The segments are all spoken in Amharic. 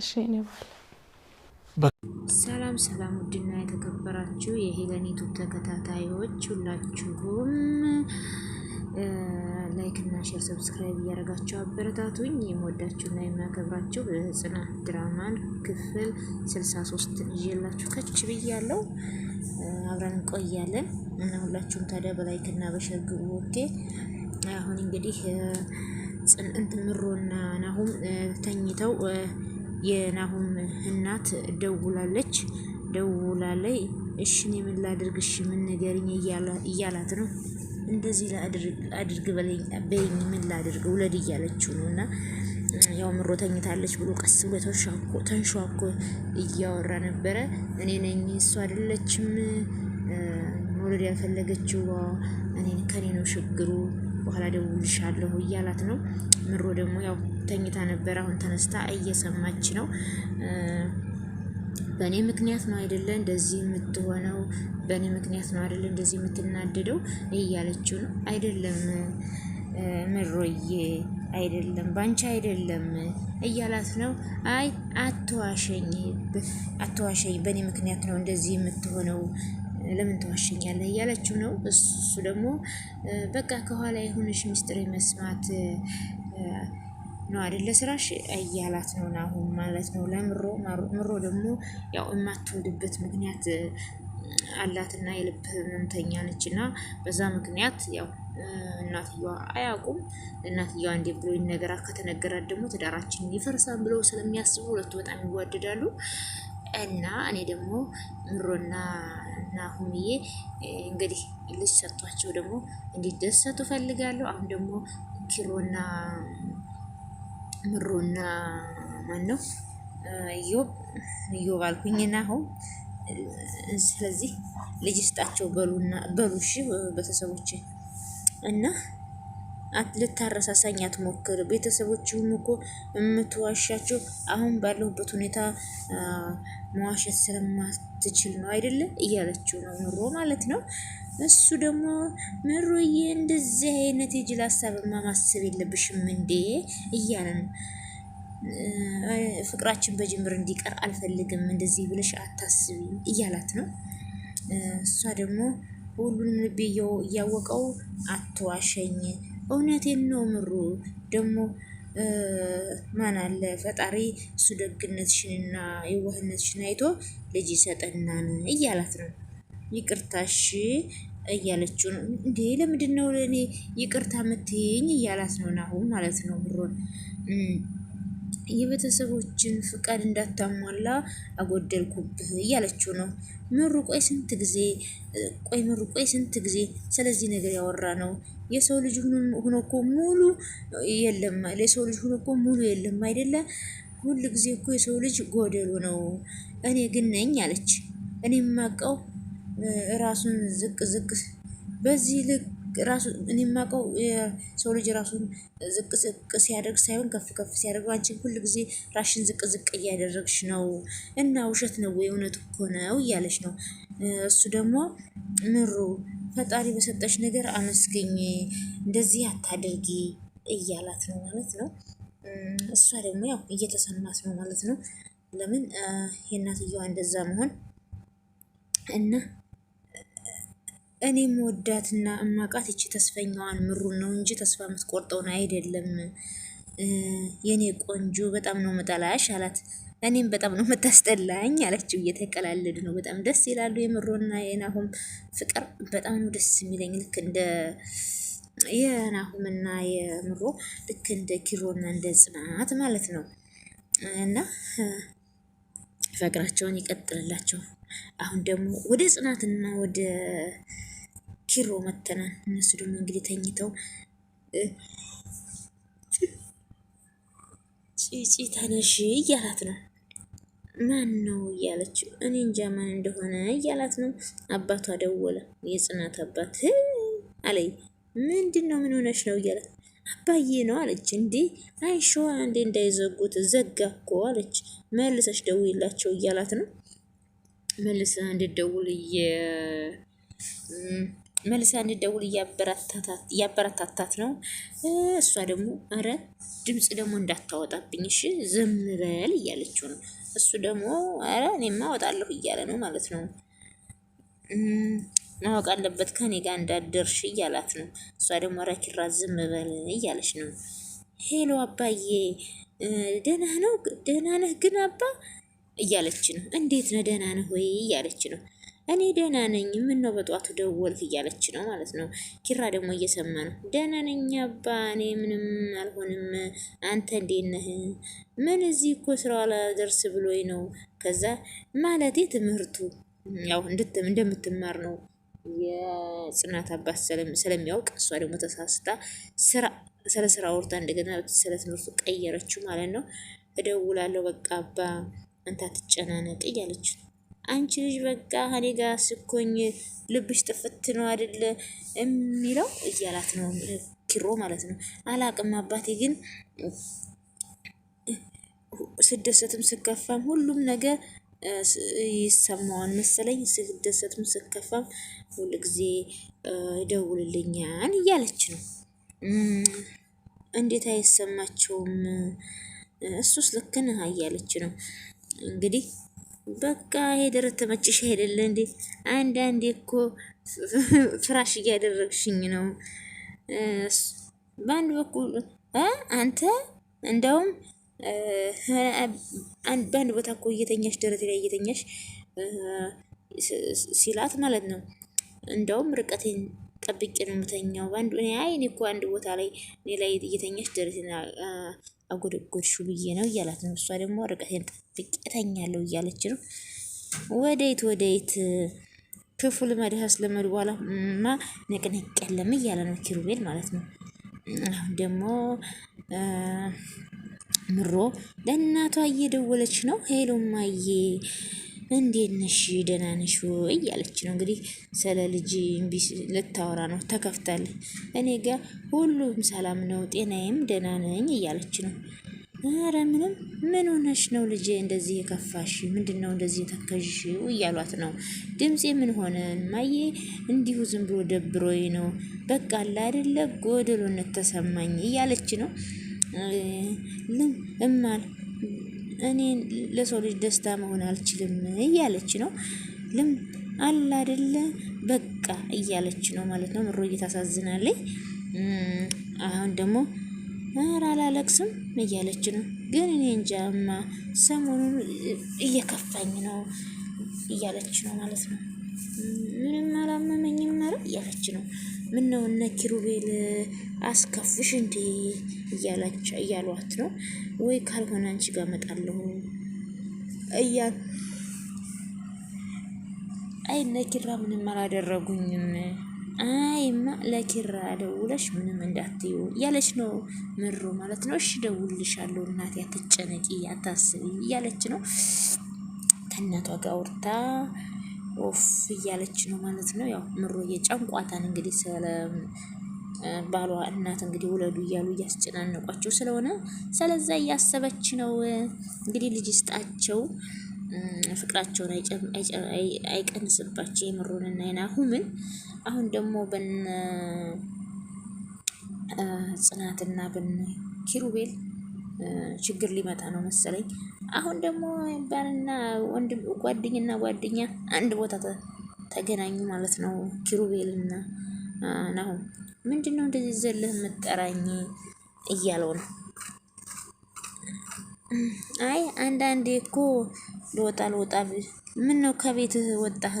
እሺ እኔ ባል ሰላም ሰላም፣ ውድና የተከበራችሁ የሄለን ዩቱብ ተከታታዮች ሁላችሁም ላይክ እና ሼር ሰብስክራይብ እያደረጋችሁ አበረታቱኝ። የምወዳችሁና የሚያከብራችሁ በጽናት ድራማን ክፍል 63 ይዤላችሁ ከች ብያለሁ። አብረን እንቆያለን እና ሁላችሁም ታዲያ በላይክ እና በሼር ግቡ። አሁን እንግዲህ እንትን ምሮና ናሁም ተኝተው የናሁም እናት ደውላለች። ደውላ ላይ እሺ እኔ ምን ላድርግ እሺ ምን ንገሪኝ እያላት ነው። እንደዚህ አድርግ በይኝ ምን ላድርግ ውለድ እያለችው ነው እና ያው ምሮ ተኝታለች ብሎ ቀስ ብሎ ተንሸዋኮ እያወራ ነበረ። እኔ ነኝ እሱ አይደለችም መውለድ ያልፈለገችው እኔ ከኔ ነው ችግሩ፣ በኋላ ደውልሻለሁ እያላት ነው። ምሮ ደግሞ ያው ተኝታ ነበር። አሁን ተነስታ እየሰማች ነው። በእኔ ምክንያት ነው አይደለ እንደዚህ የምትሆነው፣ በእኔ ምክንያት ነው አይደለ እንደዚህ የምትናደደው እያለችው ነው። አይደለም ምሮዬ፣ አይደለም ባንቺ አይደለም እያላት ነው። አይ አትዋሸኝ፣ አትዋሸኝ፣ በእኔ ምክንያት ነው እንደዚህ የምትሆነው ለምን ተዋሸኛለህ? እያለችው ነው። እሱ ደግሞ በቃ ከኋላ የሆነሽ ምስጢር መስማት ነው አይደለ ስራሽ እያላት ነው አሁን ማለት ነው ለምሮ። ምሮ ደግሞ ያው የማትወልድበት ምክንያት አላትና የልብ ህመምተኛ ነች እና በዛ ምክንያት ያው እናትየዋ አያውቁም። እናትየዋ እንዴ ብሎ ይነገራት፣ ከተነገራት ደግሞ ትዳራችን ይፈርሳል ብለው ስለሚያስቡ ሁለቱ በጣም ይዋደዳሉ። እና እኔ ደግሞ ምሮና እና ናሁምዬ እንግዲህ ልጅ ሰጥቷቸው ደግሞ እንዲደሰቱ ፈልጋለሁ። አሁን ደግሞ ኪሮና ምሮና ማን ነው ዮብ እዮብ አልኩኝና አሁን ስለዚህ ልጅ ስጣቸው በሉና በሉ እሺ ቤተሰቦቼ እና ልታረሳሳኝ አትሞክር። ቤተሰቦችሁም እኮ የምትዋሻችሁ አሁን ባለሁበት ሁኔታ መዋሸት ስለማትችል ነው አይደለ? እያለችው ነው ምሮ ማለት ነው። እሱ ደግሞ ምሮዬ እንደዚህ አይነት የጅል ሀሳብማ ማሰብ የለብሽም እንዴ ነው ፍቅራችን በጅምር እንዲቀር አልፈልግም፣ እንደዚህ ብለሽ አታስቢ እያላት ነው። እሷ ደግሞ ሁሉንም ልቤ እያወቀው አትዋሸኝ እውነቴን ነው ምሩ። ደግሞ ማን አለ ፈጣሪ እሱ ደግነትሽንና የዋህነትሽን አይቶ ልጅ ይሰጠናን እያላት ነው። ይቅርታሽ እያለችው ነው። እንዴ ለምንድን ነው እኔ ይቅርታ ምትይኝ? እያላት ነው ናሁ ማለት ነው ምሩን የቤተሰቦችን ፍቃድ እንዳታሟላ አጎደልኩብህ እያለችው ነው። ምሩ ቆይ ስንት ጊዜ ቆይ ምሩ ቆይ ስንት ጊዜ ስለዚህ ነገር ያወራ ነው? የሰው ልጅ ሁኖኮ እኮ ሙሉ የለም የሰው ልጅ ሆኖ እኮ ሙሉ የለም አይደለ? ሁል ጊዜ እኮ የሰው ልጅ ጎደሉ ነው። እኔ ግን ነኝ አለች። እኔ የማውቀው ራሱን ዝቅ ዝቅ በዚህ ልክ ራሱ እኔ የማውቀው ሰው ልጅ ራሱን ዝቅ ዝቅ ሲያደርግ ሳይሆን ከፍ ከፍ ሲያደርግ፣ አንቺ ሁል ጊዜ ራሽን ዝቅ ዝቅ እያደረግሽ ነው እና ውሸት ነው ወይ እውነት እኮ ነው እያለች ነው። እሱ ደግሞ ምሩ ፈጣሪ በሰጠሽ ነገር አመስገኝ እንደዚህ አታደርጊ እያላት ነው ማለት ነው። እሷ ደግሞ ያው እየተሰማት ነው ማለት ነው። ለምን የእናትየዋ እንደዛ መሆን እና እኔም ወዳትና እማቃት እቺ ተስፈኛዋን ምሩን ነው እንጂ ተስፋ የምትቆርጠውን አይደለም። የኔ ቆንጆ በጣም ነው መጠላሽ አላት። እኔም በጣም ነው የምታስጠላኝ አለችው። እየተቀላለዱ ነው። በጣም ደስ ይላሉ። የምሮና የናሁም ፍቅር በጣም ነው ደስ የሚለኝ። ልክ እንደ የናሁምና የምሮ ልክ እንደ ኪሮና እንደ ጽናት ማለት ነው። እና ፍቅራቸውን ይቀጥልላቸው። አሁን ደግሞ ወደ ጽናትና ወደ ኪሮ መተናል። እነሱ ደግሞ እንግዲህ ተኝተው ጭጭ ተነሽ እያላት ነው። ማን ነው እያለችው፣ እኔ እንጃ ማን እንደሆነ እያላት ነው። አባቷ ደወለ። የጽናት አባት አለይ ምንድን ነው ምን ሆነች ነው እያላት አባዬ ነው አለች። እንዴ አይሾ እንዴ እንዳይዘጉት ዘጋ እኮ አለች። መልሰሽ ደውይላቸው እያላት ነው። መልስ እንድትደውል መልሳ እንደውል እያበረታታት ነው። እሷ ደግሞ ኧረ ድምፅ ደግሞ እንዳታወጣብኝ እሺ ዝም በል እያለችው ነው። እሱ ደግሞ ኧረ እኔማ እወጣለሁ እያለ ነው ማለት ነው። ማወቅ አለበት ከኔ ጋር እንዳደርሽ እያላት ነው። እሷ ደግሞ ኧረ ኪራ ዝም በል እያለች ነው። ሄሎ አባዬ ደህና ነው ደህና ነህ ግን አባ እያለች ነው። እንዴት ነህ ደህና ነህ ወይ እያለች ነው። እኔ ደህና ነኝ፣ ምነው በጧቱ ደወልክ እያለች ነው ማለት ነው። ኪራ ደግሞ እየሰማ ነው። ደህና ነኝ አባ፣ እኔ ምንም አልሆንም። አንተ እንዴት ነህ? ምን እዚህ እኮ ስራው አላደርስ ብሎኝ ነው። ከዛ ማለቴ ትምህርቱ ያው እንደምትማር ነው የጽናት አባት ስለሚያውቅ እሷ ደግሞ ተሳስታ ስራ ስለ ስራ ወርታ እንደገና ስለ ትምህርቱ ቀየረችው ማለት ነው። እደውላለሁ በቃ አባ፣ አንተ አትጨናነቅ እያለች ነው አንቺ ልጅ በቃ እኔ ጋር ስኮኝ ልብሽ ጥፍት ነው አይደለ የሚለው እያላት ነው ኪሮ ማለት ነው። አላቅም አባቴ ግን ስደሰትም ስከፋም ሁሉም ነገር ይሰማዋል መሰለኝ። ስደሰትም ስከፋም ሁል ጊዜ ይደውልልኛል እያለች ነው። እንዴት አይሰማቸውም? እሱስ ልክ ነህ እያለች ነው እንግዲህ በቃ ይሄ ተመችሽ አይደለ እንዴ? አንዳንዴ እኮ ፍራሽ እያደረግሽኝ ነው። በአንድ በኩል አንተ እንደውም በአንድ ቦታ እኮ እየተኛሽ ደረት ላይ እየተኛሽ ሲላት ማለት ነው እንደውም ርቀቴን ጠብቄ ነው የምተኛው። በአንድ እኔ አይ እኔ እኮ አንድ ቦታ ላይ እኔ ላይ እየተኛች ደረቴን አጎደጎድሹ ብዬ ነው እያላት ነው። እሷ ደግሞ ርቀቴን ጠብቄ እተኛለሁ እያለች ነው። ወደይት ወደይት ክፉ ልመድህ ለመድ በኋላ ማ ነቅነቅ ያለም እያለ ነው ኪሩቤል ማለት ነው። አሁን ደግሞ ምሮ ለእናቷ እየደወለች ነው። ሄሎ ማዬ እንዴት ነሽ? ደህና ነሽ እያለች ነው እንግዲህ ስለ ልጅ ልታወራ ነው። ተከፍታለች። እኔ ጋ ሁሉም ሰላም ነው፣ ጤናዬም ደህና ነኝ እያለች ነው። ኧረ ምንም ምን ሆነሽ ነው ልጄ እንደዚህ የከፋሽ? ምንድን ነው እንደዚህ የተከዥሽ እያሏት ነው። ድምፄ ምን ሆነ ማዬ? እንዲሁ ዝም ብሎ ደብሮኝ ነው በቃ አለ አይደለ ጎደሎነት ተሰማኝ እያለች ነው ልም እማል እኔ ለሰው ልጅ ደስታ መሆን አልችልም እያለች ነው። ልም አላ አይደለ በቃ እያለች ነው ማለት ነው። ምሮ ታሳዝናለች። አሁን ደግሞ ኧረ አላለቅስም እያለች ነው። ግን እኔ እንጃማ ሰሞኑን እየከፋኝ ነው እያለች ነው ማለት ነው። ምንም አላመመኝም ኧረ እያለች ነው። ምን ነው እነ ኪሩቤል አስከፉሽ እንዴ እያሏት ነው ወይ ካልሆነ አንቺ ጋር እመጣለሁ እያሉ አይ ለኪራ ኪራ ምንም አላደረጉኝም። አይማ ለኪራ ደውለሽ ምንም እንዳትዩ እያለች ነው ምሩ ማለት ነው። እሺ ደውልሻለሁ እናቴ አትጨነቂ፣ አታስቢ እያለች ነው ከእናቷ ጋር አውርታ ኦፍ እያለች ነው ማለት ነው። ያው ምሮዬ ጨንቋታን እንግዲህ ስለ ባሏ እናት እንግዲህ ውለዱ እያሉ እያስጨናነቋቸው ስለሆነ ስለዛ እያሰበች ነው እንግዲህ ልጅ ስጣቸው ፍቅራቸውን አይቀንስባቸው የምሩንና የናሁምን። አሁን ደግሞ በነ ጽናትና በነ ኪሩቤል ችግር ሊመጣ ነው መሰለኝ። አሁን ደግሞ ባልና ወንድም ጓደኛና ጓደኛ አንድ ቦታ ተገናኙ ማለት ነው። ኪሩቤልና ናሁም ምንድን ነው እንደዚህ ዘለህ የምጠራኝ እያለው ነው። አይ አንዳንዴ እኮ ልወጣ ልወጣ ምን ነው ከቤት ወጣህ?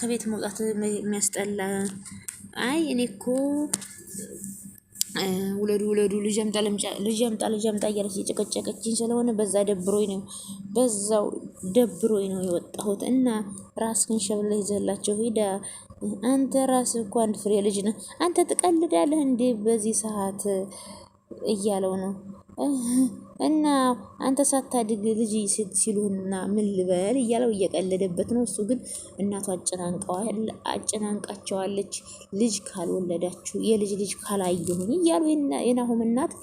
ከቤት መውጣት የሚያስጠላ? አይ እኔ እኮ ውለዱ ውለዱ ልጅ አምጣ ልጅ አምጣ ልጅ አምጣ እያለች የጨቀጨቀችኝ ስለሆነ በዛ ደብሮኝ ነው በዛው ደብሮኝ ነው የወጣሁት። እና ራስህን ሸብለ ይዘላቸው ሂዳ አንተ ራስህ እኮ አንድ ፍሬ ልጅ ነህ፣ አንተ ትቀልዳለህ እንዴ በዚህ ሰዓት እያለው ነው እና አንተ ሳታድግ ልጅ ሲሉህና ምን ልበል እያለው እየቀለደበት ነው። እሱ ግን እናቱ አጨናንቃቸዋለች። ልጅ ካልወለዳችሁ የልጅ ልጅ ካላየሁኝ እያሉ የናሁም እናት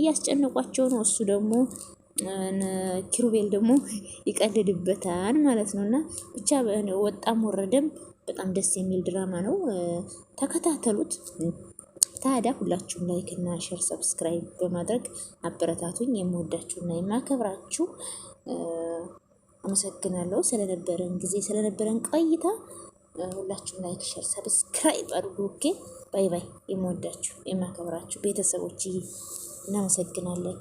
እያስጨነቋቸው ነው። እሱ ደግሞ ኪሩቤል ደግሞ ይቀልድበታል ማለት ነው። እና ብቻ ወጣም ወረደም በጣም ደስ የሚል ድራማ ነው። ተከታተሉት። ታዲያ ሁላችሁም ላይክ እና ሼር ሰብስክራይብ በማድረግ አበረታቱኝ። የምወዳችሁና የማከብራችሁ አመሰግናለሁ። ስለነበረን ጊዜ ስለነበረን ቆይታ ሁላችሁም ላይክ ሼር ሰብስክራይብ አድርጉ። ኦኬ ባይ ባይ። የምወዳችሁ የማከብራችሁ ቤተሰቦች እናመሰግናለን።